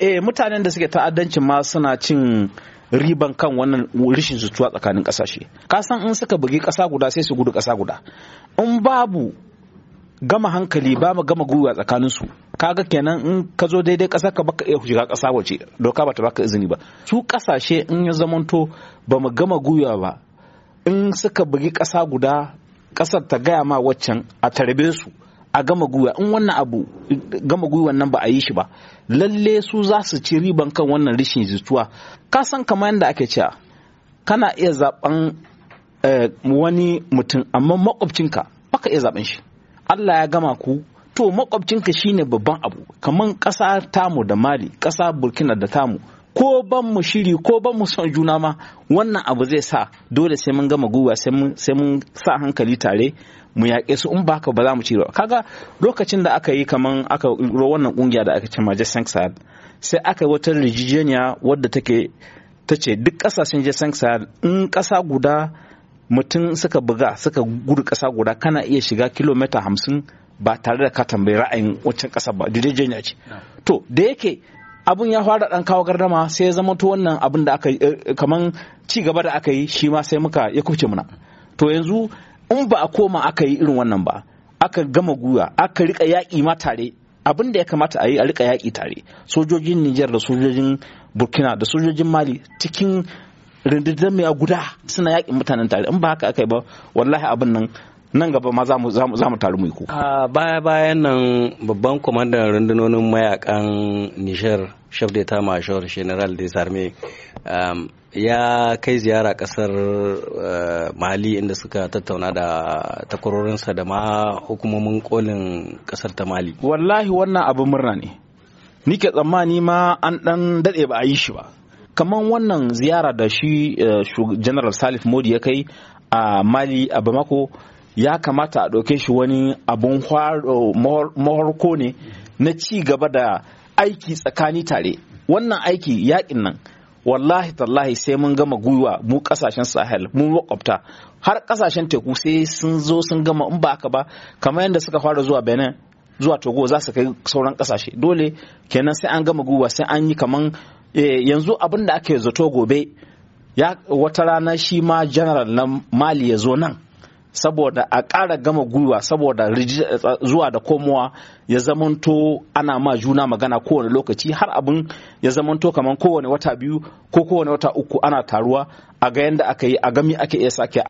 eh mutanen da suke ta'addanci ma suna cin riban kan wannan rishin zutuwa tsakanin kasashe kasan in suka bugi kasa guda sai su gudu kasa guda in babu gama hankali ba mu gama gwiwa tsakanin su kaga kenan in ka zo daidai kasa ka baka iya shiga kasa waje doka ba ta baka izini ba su kasashe in ya zamanto ba mu gama gwiwa ba in suka bugi kasa guda kasar ta gaya ma waccan a tarbe su a gama gwiwa in wannan abu gama gwiwan nan ba a yi shi ba lalle su za su ci riban kan wannan rishin zituwa ka san kamar yadda ake cewa kana iya zaben eh, wani mutum amma makwabcinka baka iya zaben shi Allah ya gama ku to makwabcinka shine babban abu kamar ƙasa tamu da mali ƙasa burkina da tamu ko ban mu shiri ko ban mu son juna ma wannan abu zai sa dole sai mun gama guwa sai mun sa hankali tare mu yaƙe su in ba ka ba za mu ci kaga lokacin da aka yi kaman aka ro wannan kungiya da aka ce majestic sahel sai aka yi wata rijijeniya wadda take ta ce duk ƙasashen jason sahel in ƙasa guda mutum suka buga suka gudu ƙasa guda kana iya shiga kilomita hamsin ba tare da ka tambayi ra'ayin waccan ƙasa ba rijijeniya ce to da yake abun ya fara dan kawo gardama sai ya zama to wannan abin da aka eh, eh, kaman ci gaba da aka yi shi ma sai muka ya kuce muna to yanzu in ba a koma aka yi irin wannan ba aka gama guya aka rika yaƙi ma tare abin da ya kamata a yi a rika yaƙi tare sojojin Nijar da sojojin Burkina da sojojin Mali cikin rindidan mai guda suna yaƙin mutanen tare in ba haka aka yi ba wallahi abin nan nan gaba ma za mu taru mu yi a baya bayan nan babban kwamandan rundunonin mayakan Nijar, chef d'etat major general des um, ya kai ziyara kasar uh, mali inda suka tattauna da takwarorinsa da ma hukumomin kolin kasar ta mali wallahi wannan abin murna ne nike tsammani ma an dan dade ba a yi shi ba kamar wannan ziyara da shi uh, general salif modi ya kai a mali a bamako ya kamata a ɗauke shi wani abun mahorko ne na ci gaba da aiki tsakani tare wannan aiki yakin nan wallahi tallahi sai mun gama gwiwa mu kasashen sahel mu makwabta har kasashen teku sai sun zo sun gama in ba haka ba kamar yadda suka fara zuwa benin zuwa togo za su kai sauran kasashe dole kenan sai an gama gwiwa sai an yi kaman eh, yanzu abin da ake zato gobe ya wata rana shi ma general na mali ya zo nan saboda a ƙara gama gwiwa saboda eh, zuwa da komowa ya zamanto ana ma juna magana kowane lokaci har abin ya zamanto kamar kowane wata biyu ko kowane wata uku ana taruwa a ga yadda aka yi a gami ake iya sake